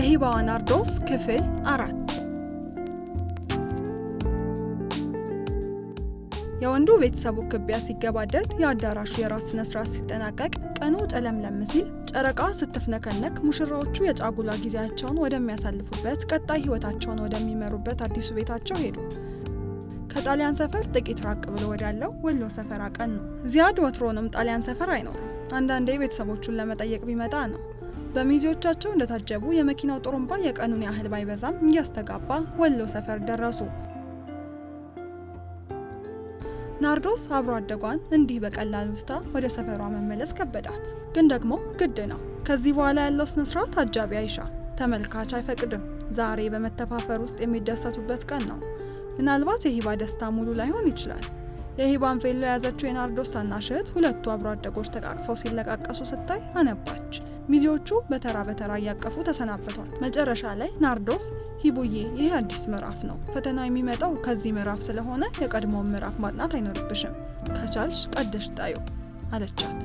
የሂባዋ ናርዶስ ክፍል አራት የወንዱ ቤተሰቡ ክቢያ ሲገባደድ የአዳራሹ የራስ ስነ ስርዓት ሲጠናቀቅ ቀኑ ጨለምለም ሲል ጨረቃ ስትፍነከነክ ሙሽራዎቹ የጫጉላ ጊዜያቸውን ወደሚያሳልፉበት ቀጣይ ህይወታቸውን ወደሚመሩበት አዲሱ ቤታቸው ሄዱ። ከጣሊያን ሰፈር ጥቂት ራቅ ብሎ ወዳለው ወሎ ሰፈር ነው። ዚያድ ወትሮንም ጣሊያን ሰፈር አይኖርም። አንዳንዴ ቤተሰቦቹን ለመጠየቅ ቢመጣ ነው። በሚዜዎቻቸው እንደታጀቡ የመኪናው ጥሩምባ የቀኑን ያህል ባይበዛም እያስተጋባ ወሎ ሰፈር ደረሱ። ናርዶስ አብሮ አደጓን እንዲህ በቀላሉ ትታ ወደ ሰፈሯ መመለስ ከበዳት። ግን ደግሞ ግድ ነው። ከዚህ በኋላ ያለው ስነስርዓት አጃቢ አይሻ፣ ተመልካች አይፈቅድም። ዛሬ በመተፋፈር ውስጥ የሚደሰቱበት ቀን ነው። ምናልባት የሂባ ደስታ ሙሉ ላይሆን ይችላል። የሂባን ፌሎ የያዘችው የናርዶስ ታናሽ እህት ሁለቱ አብሮ አደጎች ተቃቅፈው ሲለቃቀሱ ስታይ አነባች። ሚዜዎቹ በተራ በተራ እያቀፉ ተሰናበቷት። መጨረሻ ላይ ናርዶስ ሂቡዬ፣ ይህ አዲስ ምዕራፍ ነው። ፈተና የሚመጣው ከዚህ ምዕራፍ ስለሆነ የቀድሞውን ምዕራፍ ማጥናት አይኖርብሽም። ከቻልሽ ቀደሽ ጣዩ አለቻት።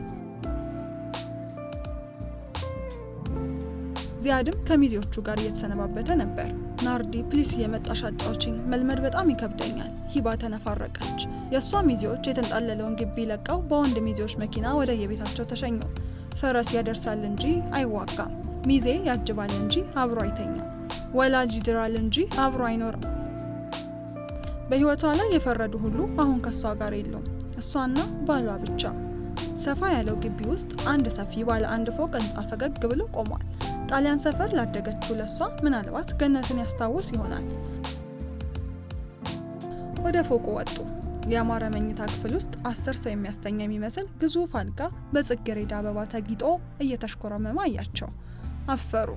ዚያድም ከሚዜዎቹ ጋር እየተሰነባበተ ነበር። ናርዲ ፕሊስ እየመጣሽ አጫዎችኝ፣ መልመድ በጣም ይከብደኛል። ሂባ ተነፋረቀች። የእሷ ሚዜዎች የተንጣለለውን ግቢ ለቀው በወንድ ሚዜዎች መኪና ወደ የቤታቸው ተሸኙ። ፈረስ ያደርሳል እንጂ አይዋጋም፣ ሚዜ ያጅባል እንጂ አብሮ አይተኛም፣ ወላጅ ይድራል እንጂ አብሮ አይኖርም። በሕይወቷ ላይ የፈረዱ ሁሉ አሁን ከእሷ ጋር የለውም፣ እሷና ባሏ ብቻ። ሰፋ ያለው ግቢ ውስጥ አንድ ሰፊ ባለ አንድ ፎቅ ሕንፃ ፈገግ ብሎ ቆሟል። ጣሊያን ሰፈር ላደገችው ለእሷ ምናልባት ገነትን ያስታውስ ይሆናል። ወደ ፎቁ ወጡ። ያማረ መኝታ ክፍል ውስጥ አስር ሰው የሚያስተኛ የሚመስል ግዙፍ አልጋ በጽጌረዳ አበባ ተጊጦ እየተሽኮረመመ አያቸው። አፈሩ።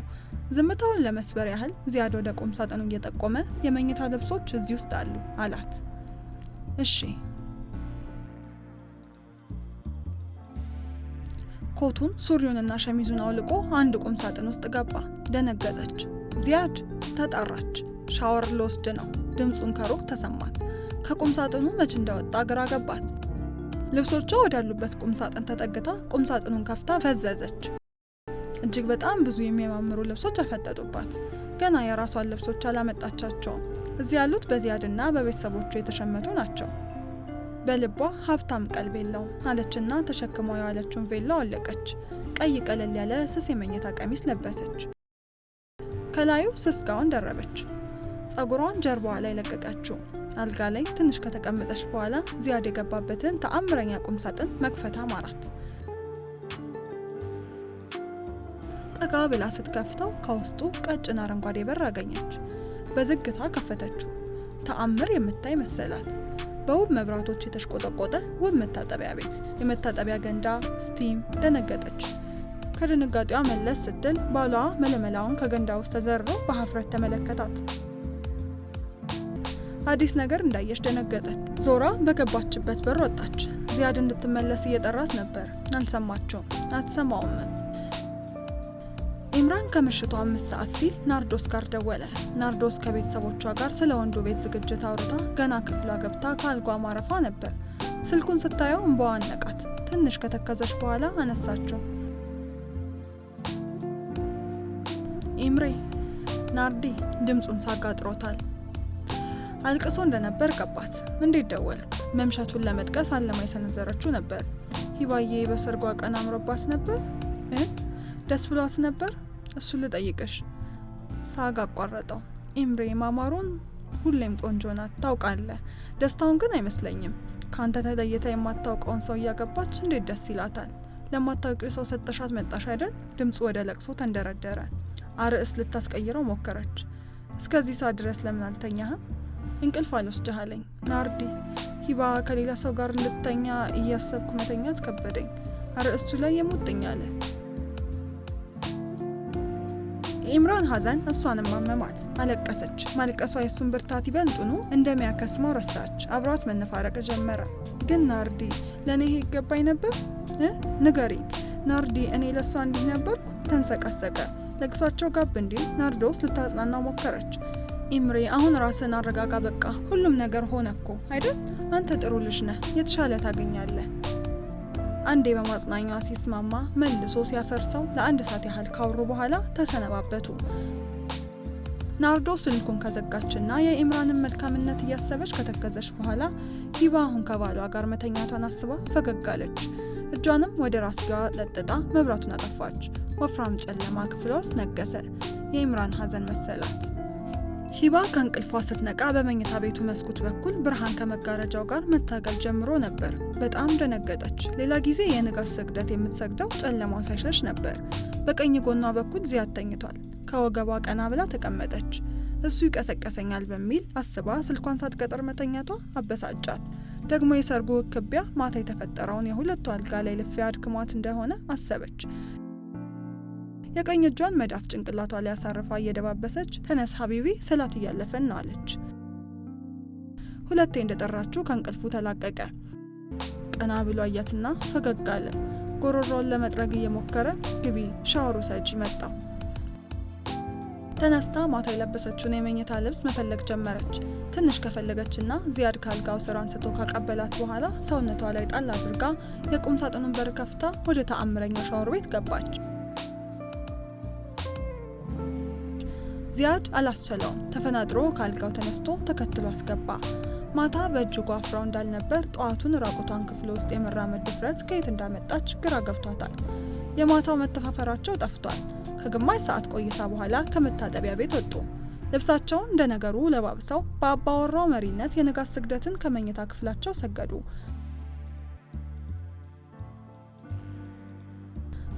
ዝምታውን ለመስበር ያህል ዚያድ ወደ ቁም ሳጥኑ እየጠቆመ የመኝታ ልብሶች እዚህ ውስጥ አሉ አላት። እሺ። ኮቱን ሱሪውንና ሸሚዙን አውልቆ አንድ ቁም ሳጥን ውስጥ ገባ። ደነገጠች። ዚያድ ተጣራች። ሻወር ልወስድ ነው። ድምፁን ከሩቅ ተሰማት። ከቁም ሳጥኑ መች እንደወጣ ግራ ገባት። ልብሶቿ ወዳሉበት ቁም ሳጥን ተጠግታ ቁም ሳጥኑን ከፍታ ፈዘዘች። እጅግ በጣም ብዙ የሚያማምሩ ልብሶች አፈጠጡባት። ገና የራሷን ልብሶች አላመጣቻቸውም። እዚህ ያሉት በዚያድና በቤተሰቦቹ የተሸመቱ ናቸው። በልቧ ሀብታም ቀልብ የለውም አለችና ተሸክማ የዋለችውን ቬሎ አወለቀች። ቀይ ቀለል ያለ ስስ የመኝታ ቀሚስ ለበሰች። ከላዩ ስስ ጋውን ደረበች። ጸጉሯን ጀርባዋ ላይ ለቀቀችው። አልጋ ላይ ትንሽ ከተቀመጠች በኋላ ዚያድ የገባበትን ተአምረኛ ቁም ሳጥን መክፈት አማራት። ጠጋ ብላ ስትከፍተው ከውስጡ ቀጭን አረንጓዴ በር አገኘች። በዝግታ ከፈተችው። ተአምር የምታይ መሰላት። በውብ መብራቶች የተሽቆጠቆጠ ውብ መታጠቢያ ቤት፣ የመታጠቢያ ገንዳ፣ ስቲም። ደነገጠች። ከድንጋጤዋ መለስ ስትል ባሏ መለመላውን ከገንዳ ውስጥ ተዘርሮ በሀፍረት ተመለከታት። አዲስ ነገር እንዳየች ደነገጠች። ዞራ በገባችበት በር ወጣች። ዚያድ እንድትመለስ እየጠራት ነበር፣ አልሰማቸውም፣ አትሰማውም። ኢምራን ከምሽቱ አምስት ሰዓት ሲል ናርዶስ ጋር ደወለ። ናርዶስ ከቤተሰቦቿ ጋር ስለ ወንዱ ቤት ዝግጅት አውርታ ገና ክፍሏ ገብታ ከአልጓ ማረፋ ነበር። ስልኩን ስታየው እንባዋ አነቃት። ትንሽ ከተከዘች በኋላ አነሳችው። ኢምሬ ናርዲ ድምፁን ሳጋጥሮታል። አልቅሶ እንደነበር ገባት። እንዴት ደወልክ? መምሻቱን ለመጥቀስ አለማ የሰነዘረችው ነበር። ሂባዬ በሰርጓ ቀን አምሮባት ነበር? ደስ ብሏት ነበር? እሱን ልጠይቅሽ። ሳግ አቋረጠው። ኤምሬ ማማሩን ሁሌም ቆንጆ ናት፣ ታውቃለህ። ደስታውን ግን አይመስለኝም። ከአንተ ተለይታ የማታውቀውን ሰው እያገባች እንዴት ደስ ይላታል? ለማታውቂው ሰው ሰጠሻት መጣሽ አይደል? ድምፁ ወደ ለቅሶ ተንደረደረ። አርዕስ ልታስቀይረው ሞከረች። እስከዚህ ሰዓት ድረስ ለምን አልተኛህም? እንቅልፍ አልወስድህ ናርዲ ሂባ ከሌላ ሰው ጋር እንድተኛ እያሰብኩ መተኛት ከበደኝ። አርእስቱ ላይ የሙጥኝ አለ። የኢምራን ሀዘን እሷንም አመማት። አለቀሰች። ማልቀሷ የእሱን ብርታት ይበልጡኑ እንደሚያከስመው ረሳች። አብሯት መነፋረቅ ጀመረ። ግን ናርዲ ለእኔ ይሄ ይገባኝ ነበር? ንገሪ ናርዲ፣ እኔ ለእሷ እንዲህ ነበርኩ? ተንሰቀሰቀ። ለቅሷቸው ጋብ እንዲል ናርዶስ ልታጽናናው ሞከረች። ኢምሬ አሁን ራስን አረጋጋ። በቃ ሁሉም ነገር ሆነ እኮ አይደል? አንተ ጥሩ ልጅ ነህ፣ የተሻለ ታገኛለህ። አንዴ በማጽናኛዋ ሲስማማ መልሶ ሲያፈርሰው ለአንድ ሰዓት ያህል ካወሩ በኋላ ተሰነባበቱ። ናርዶ ስልኩን ከዘጋችና የኢምራንን መልካምነት እያሰበች ከተከዘች በኋላ ሂባ አሁን ከባሏ ጋር መተኛቷን አስባ ፈገግ አለች። እጇንም ወደ ራስጌዋ ለጥጣ መብራቱን አጠፋች። ወፍራም ጨለማ ክፍሏ ውስጥ ነገሰ። የኢምራን ሀዘን መሰላት። ሂባ ከእንቅልፏ ስትነቃ በመኝታ ቤቱ መስኮት በኩል ብርሃን ከመጋረጃው ጋር መታገል ጀምሮ ነበር። በጣም ደነገጠች። ሌላ ጊዜ የንጋት ስግደት የምትሰግደው ጨለማ ሳይሸሽ ነበር። በቀኝ ጎኗ በኩል ዚያድ ተኝቷል። ከወገቧ ቀና ብላ ተቀመጠች። እሱ ይቀሰቀሰኛል በሚል አስባ ስልኳን ሳትቀጥር መተኛቷ አበሳጫት። ደግሞ የሰርጉ ክቢያ ማታ የተፈጠረውን የሁለቱ አልጋ ላይ ልፊያ አድክሟት እንደሆነ አሰበች። የቀኝ እጇን መዳፍ ጭንቅላቷ ላይ አሳርፋ እየደባበሰች ተነስ ሀቢቢ ሰላት እያለፈን ነው አለች። ሁለቴ እንደጠራችው ከእንቅልፉ ተላቀቀ። ቀና ብሎ አያትና ፈገግ አለ። ጎሮሮውን ለመጥረግ እየሞከረ ግቢ ሻወሩ ሰጂ መጣ። ተነስታ ማታ የለበሰችውን የመኝታ ልብስ መፈለግ ጀመረች። ትንሽ ከፈለገችና ዚያድ ካልጋው ስር አንስቶ ካቀበላት በኋላ ሰውነቷ ላይ ጣል አድርጋ የቁም ሳጥኑን በር ከፍታ ወደ ተአምረኛው ሻወር ቤት ገባች። ዚያድ አላስቸለውም። ተፈናጥሮ ከአልጋው ተነስቶ ተከትሎ አስገባ። ማታ በእጅጉ አፍራው እንዳልነበር ጠዋቱን ራቁቷን ክፍል ውስጥ የመራመድ ድፍረት ከየት እንዳመጣች ግራ ገብቷታል። የማታው መተፋፈራቸው ጠፍቷል። ከግማሽ ሰዓት ቆይታ በኋላ ከመታጠቢያ ቤት ወጡ። ልብሳቸውን እንደ ነገሩ ለባብሰው በአባወራው መሪነት የንጋት ስግደትን ከመኝታ ክፍላቸው ሰገዱ።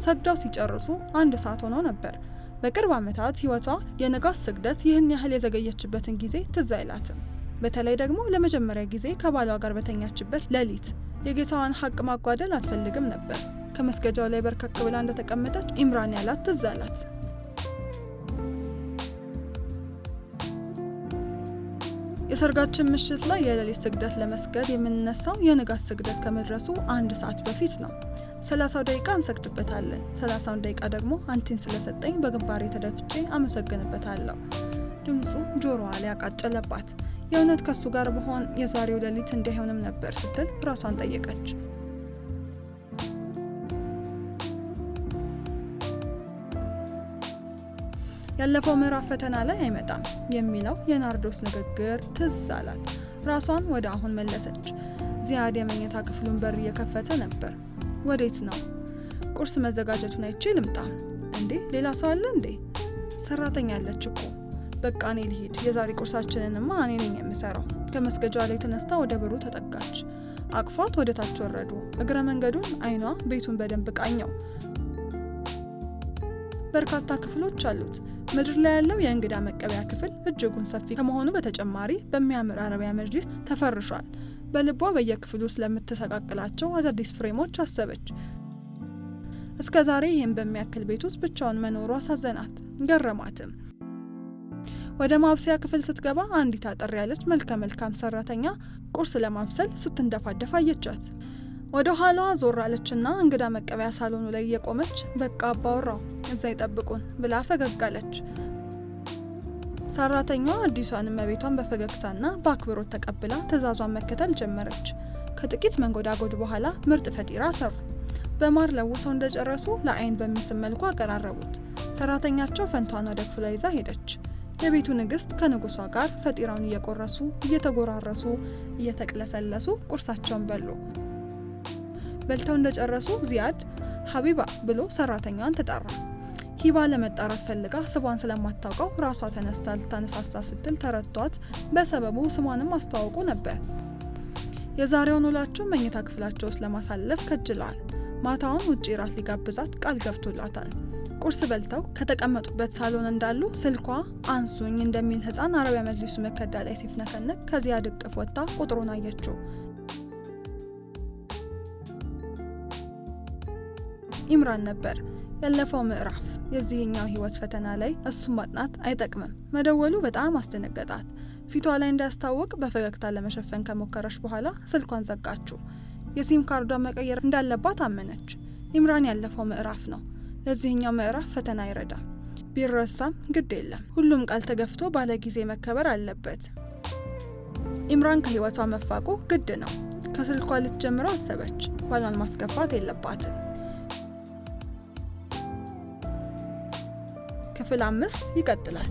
ሰግደው ሲጨርሱ አንድ ሰዓት ሆኖ ነበር። በቅርብ ዓመታት ህይወቷ የንጋት ስግደት ይህን ያህል የዘገየችበትን ጊዜ ትዝ አይላትም። በተለይ ደግሞ ለመጀመሪያ ጊዜ ከባሏ ጋር በተኛችበት ሌሊት የጌታዋን ሐቅ ማጓደል አትፈልግም ነበር። ከመስገጃው ላይ በርከክ ብላ እንደተቀመጠች ኢምራን ያላት ትዝ አላት። የሰርጋችን ምሽት ላይ የሌሊት ስግደት ለመስገድ የምንነሳው የንጋት ስግደት ከመድረሱ አንድ ሰዓት በፊት ነው። ሰላሳው ደቂቃ እንሰግድበታለን። ሰላሳውን ደቂቃ ደግሞ አንቺን ስለሰጠኝ በግንባሬ ተደፍቼ አመሰግንበታለሁ። ድምፁ ጆሮዋ ላይ ያቃጨለባት የእውነት ከሱ ጋር በሆን የዛሬው ሌሊት እንዲህ ነበር ስትል ራሷን ጠየቀች። ያለፈው ምዕራፍ ፈተና ላይ አይመጣም የሚለው የናርዶስ ንግግር ትዝ አላት። ራሷን ወደ አሁን መለሰች። ዚያድ የመኝታ ክፍሉን በር እየከፈተ ነበር። ወዴት ነው? ቁርስ መዘጋጀቱን አይቼ ልምጣ። እንዴ ሌላ ሰው አለ እንዴ? ሰራተኛ አለች እኮ። በቃ እኔ ልሂድ። የዛሬ ቁርሳችንንማ እኔ ነኝ የምሰራው። ከመስገጃ ላይ ተነስታ ወደ በሩ ተጠጋች። አቅፏት ወደ ታች ወረዱ። እግረ መንገዱን አይኗ ቤቱን በደንብ ቃኘው። በርካታ ክፍሎች አሉት። ምድር ላይ ያለው የእንግዳ መቀበያ ክፍል እጅጉን ሰፊ ከመሆኑ በተጨማሪ በሚያምር አረቢያ መጅሊስ ተፈርሿል። በልቧ በየክፍሉ ስለምትሰቃቅላቸው አዳዲስ ፍሬሞች አሰበች። እስከ ዛሬ ይህም በሚያክል ቤት ውስጥ ብቻውን መኖሩ አሳዘናት፣ ገረማትም። ወደ ማብሰያ ክፍል ስትገባ አንዲት አጠር ያለች መልከ መልካም ሰራተኛ ቁርስ ለማብሰል ስትንደፋደፍ አየቻት። ወደ ኋላዋ ዞር አለችና እንግዳ መቀበያ ሳሎኑ ላይ እየቆመች በቃ አባወራው እዛ ይጠብቁን ብላ ፈገግ አለች። ሰራተኛዋ አዲሷን እመቤቷን በፈገግታና በአክብሮት ተቀብላ ትእዛዟን መከተል ጀመረች። ከጥቂት መንጎዳጎድ በኋላ ምርጥ ፈጢራ ሰሩ። በማር ለውሰው እንደጨረሱ ለአይን በሚስብ መልኩ አቀራረቡት። ሰራተኛቸው ፈንቷን ወደ ክፍሏ ይዛ ሄደች። የቤቱ ንግስት ከንጉሷ ጋር ፈጢራውን እየቆረሱ እየተጎራረሱ እየተቅለሰለሱ ቁርሳቸውን በሉ። በልተው እንደጨረሱ ዚያድ ሀቢባ ብሎ ሰራተኛዋን ተጣራ። ሂባ ለመጣር አስፈልጋ ስቧን ስለማታውቀው ራሷ ተነስታ ልታነሳሳ ስትል ተረቷት። በሰበቡ ስሟንም አስተዋውቁ ነበር። የዛሬውን ውላቸው መኝታ ክፍላቸው ውስጥ ለማሳለፍ ከጅለዋል። ማታውን ውጪ ራት ሊጋብዛት ቃል ገብቶላታል። ቁርስ በልተው ከተቀመጡበት ሳሎን እንዳሉ ስልኳ አንሱኝ እንደሚል ህፃን አረቢያ መጅሊሱ መከዳ ላይ ሲፍነከነክ ከዚያ ድቅፍ ወጥታ ቁጥሩን አየችው። ኢምራን ነበር። ያለፈው ምዕራፍ የዚህኛው ህይወት ፈተና ላይ እሱን ማጥናት አይጠቅምም። መደወሉ በጣም አስደነገጣት። ፊቷ ላይ እንዳያስታወቅ በፈገግታ ለመሸፈን ከሞከረች በኋላ ስልኳን ዘጋችው። የሲም ካርዷን መቀየር እንዳለባት አመነች። ኢምራን ያለፈው ምዕራፍ ነው፣ ለዚህኛው ምዕራፍ ፈተና አይረዳም። ቢረሳም ግድ የለም፣ ሁሉም ቃል ተገፍቶ ባለ ጊዜ መከበር አለበት። ኢምራን ከህይወቷ መፋቁ ግድ ነው። ከስልኳ ልትጀምረው አሰበች። ባሏን ማስገፋት የለባትም። ክፍል አምስት ይቀጥላል።